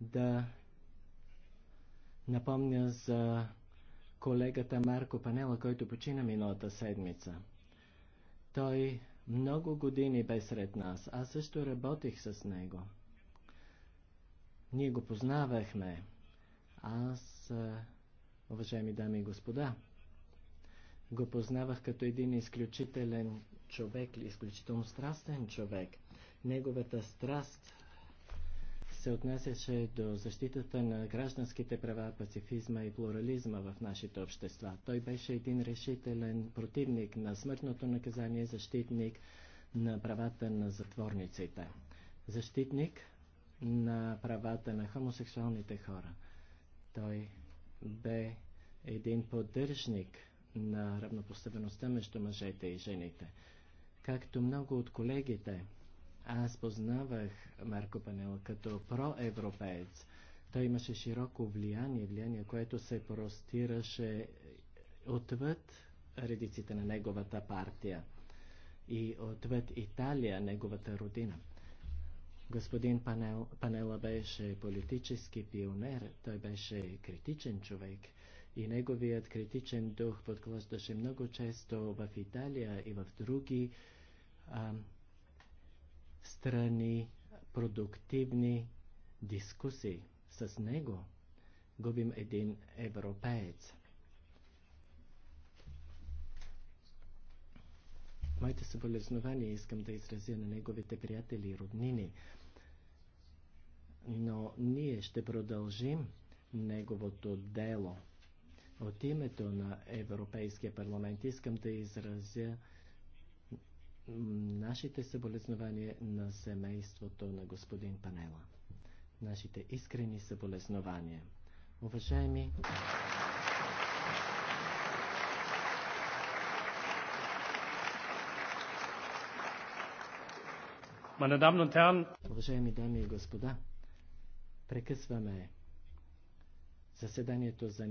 да напомня за колегата Марко Панела, който почина миналата седмица. Той много години бе сред нас. Аз също работих с него. Ние го познавахме. Аз, уважаеми дами и господа, го познавах като един изключителен човек, изключително страстен човек. Неговата страст се отнасяше до защитата на гражданските права, пацифизма и плурализма в нашите общества. Той беше един решителен противник на смъртното наказание, защитник на правата на затворниците, защитник на правата на хомосексуалните хора. Той бе един поддържник на равнопоставеността между мъжете и жените. Както много от колегите, аз познавах Марко Панела като проевропеец. Той имаше широко влияние, влияние, което се простираше отвъд редиците на неговата партия и отвъд Италия, неговата родина. Господин Панел, Панела беше политически пионер, той беше критичен човек и неговият критичен дух подклаждаше много често в Италия и в други а, храни продуктивни дискусии. С него губим един европеец. Моите съболезнования искам да изразя на неговите приятели и роднини, но ние ще продължим неговото дело. От името на Европейския парламент искам да изразя нашите съболезнования на семейството на господин Панела. Нашите искрени съболезнования. Уважаеми... Уважаеми дами и господа, прекъсваме заседанието за